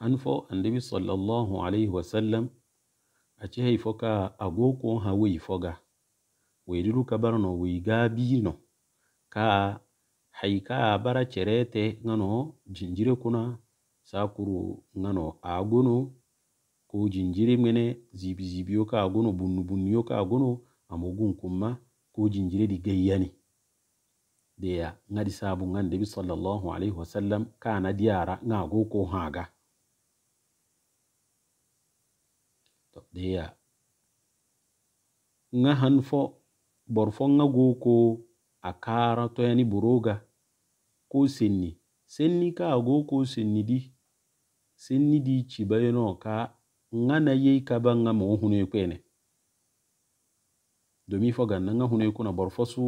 han fo annabi sallallahu alayhi wasallam acehey fo ka a gooko ha woyi foga weyɗiɗu kabarano woyi gaabino ka hay ka a bara cerete gano jinjire kuna sakuru gano agono ko jinjire mene zibizibiyo ka agono bunnubunniyo ka agono amogun kumma ko jinjire ɗi gayyani deya gadi sabu annabi sallallahu alayhi wasallam kana diyara gaagoko haga deya nga han fo bor fo nga go ko a kara ni buroga ko senni senni ka go ko senni di senni di ci bayano ka nga na yei ka ba nga mo hunu kwene domi fo ga nga hunu na bor fo su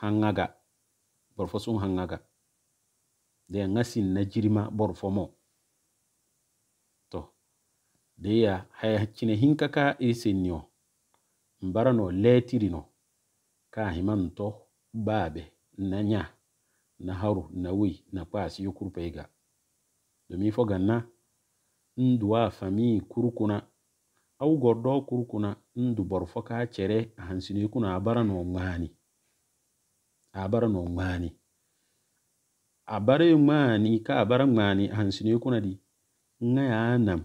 hangaga bor fo su hangaga de nga sin na jirima bor fo mo deya haya cine hinka ka iri no mbarano letirino ka babe na nya na haru na wei na kpasi yokurupeiga fo ganna nduwa fami kurukuna au gordo kurukuna ndu borfo ka cere ahansini kuna abara no ngani abara no ngani abara ngani ka abara ngani ahansini kuna di ngaya nam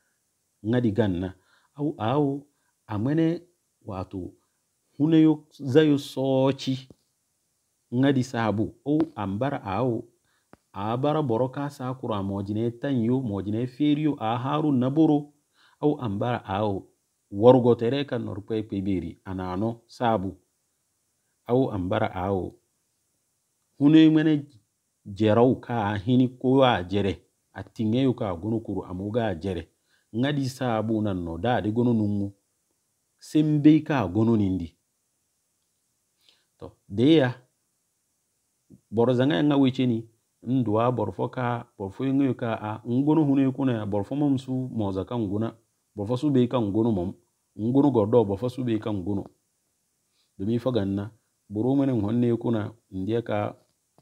ŋadi ganna aw aawo amene wato huneyo zayo sooci ŋadi saabu ow ambara aawo aabara boro kaa saakuro a moojine tanyo moojine feeriyo aa haaru naboro aw ambara aawo worugo tere kan norkwee kpeberi anaano saabu aw ambara aawo huneyo mene jerow kaa hini koyo a jere a tiŋeyo kaa gonokuru a mogaa jere ngadi saabu nan no daade gono nungu sembey ka gononi ndi to deya boro zanga nga weceni nduwa borfo ka borfo ngoyo ka a ngono hune na ya borfo mom su moza ka nguna borfo su be ka ngono mom ngono gordo borfo su be ka ngono domi faganna boro mene honne kuna ndiya ka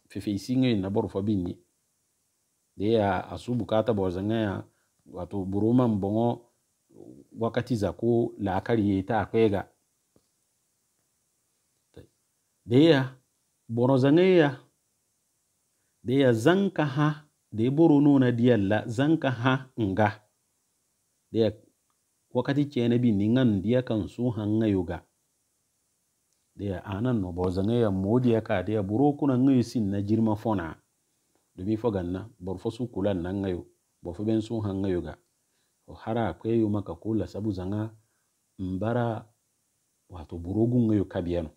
fefe yi na borfo binni deya asu bukata boro zanga ya wato buruman bongo wakati za ko la'akari ta akwai ga da boro zangeya da zanka ha da ya boro nuna diyalla zanka ha nga daya wakati ke na bi ningan diya kan su hanga yoga daya anan no boro zangeya modiya ka daya buru kuna ngayo sin na jirma fona domin fagan na bar fasu kulan nan ngayo bofu ben su hanga yoga o hara kwe yu maka kula sabu zanga mbara wato burogu ngayo kabiano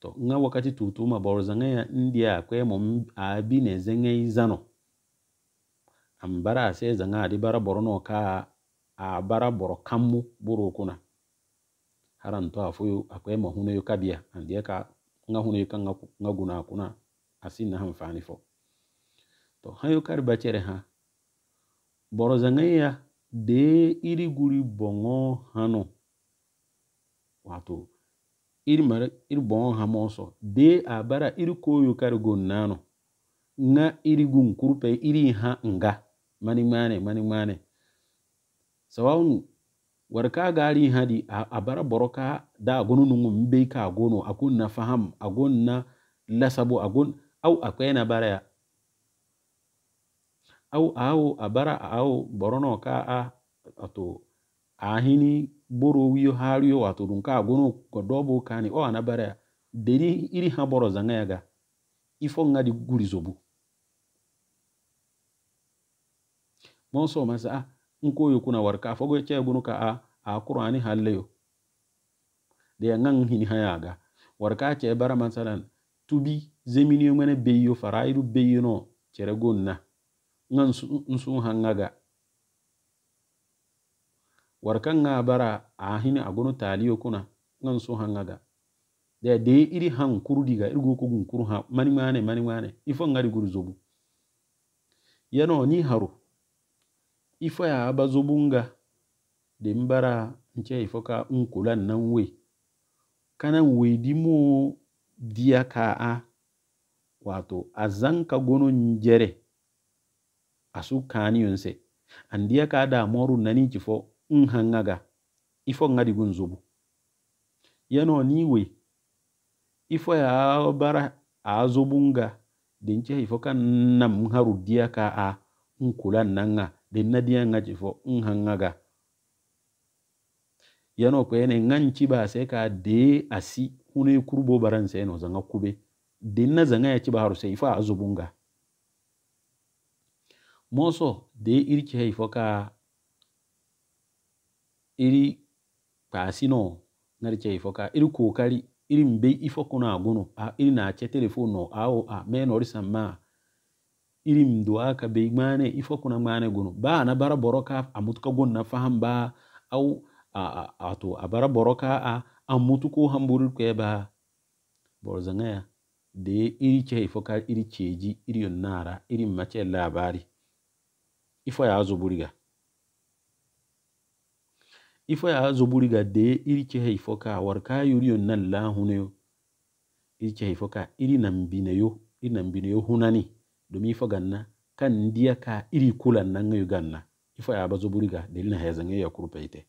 to nga wakati tutuma bor zanga ya ndia kwe mo abi ne zenga izano ambara se zanga adi bara borono ka a bara boro kammu buru kuna haran to afuyu akwe mo huno yu kabia andiye ka nga huno yu ka nga guna kuna asin na hamfani fo to hayo kar bacere ha zangaya de iri guri bongo hano wato iri mara iri bongo hamo so de abara iri koyo kari nano nga iri gun kurpe iri ha nga mani mane mani mane sawawun warka gari hadi abara boroka da gonu nungu mbe ka akun na faham agon na lasabu agon au akwena bara ya au au abara au borono ka a ato ahini boro wiyo hariyo wato dun ka gono godobo kani o anabara deri iri ha boro zanga ga ifo ngadi guri zobu monso masa ah nko yo kuna warka fogo che gono ka a a qur'ani halleyo de ngang hini ha ya yaga warka che bara masalan tubi zemini yo mene beyo faraidu beyo no chere gonna nan sun suŋ haŋ ŋa ga war kaŋ bara a hini a gono taliyo kuna nan sun suŋ ga da de iri han kuru diga iri go gun kuru ha mani mani mani ŋmaane ifo ŋari guru zobu yano ni haru ifo ya aba zobu nga de n nche ifo ka n kula nan we kana n di mu diya ka a wato a zanka gono njere asu kaniyonse andiya ka damoru naniji fo n hanŋaga ifo ŋadigun zubu yano niwe ifo ya bara azubunga, zubunga dinche ifo kan nam haru diya ka a n kula nanŋa din na diya ŋa jifo n hanŋaga yano kwene ŋanci ba se ka de asi hune kurbo baran se no zanga kube din na zanga ya ba haru se ifo azubunga moso de iri ke hei foka iri kpaasino ngari ke hei foka iri kookari iri mbe ifo kuna agunu a iri na ache telefon no awo a me nori samma iri mdu aka be igmane ifo kuna ngane gunu ba na bara boroka amutuka gun na faham ba au a a to abara boroka a amutuko hamburu ke ba borzanga de iri ke hei foka iri cheji iri yonara iri mache labari ifo ya azoburiga ifo ya azoburiga de irike ha ifo ka warka yuriyo na la huneyo irike ha ifo ka iri nan bineyo iri nan bineyo hunani domin ifo ganna kan ndiya ka iri kulan nan ngayo ganna ifo ya bazoburiga delina hezange ya kurpeite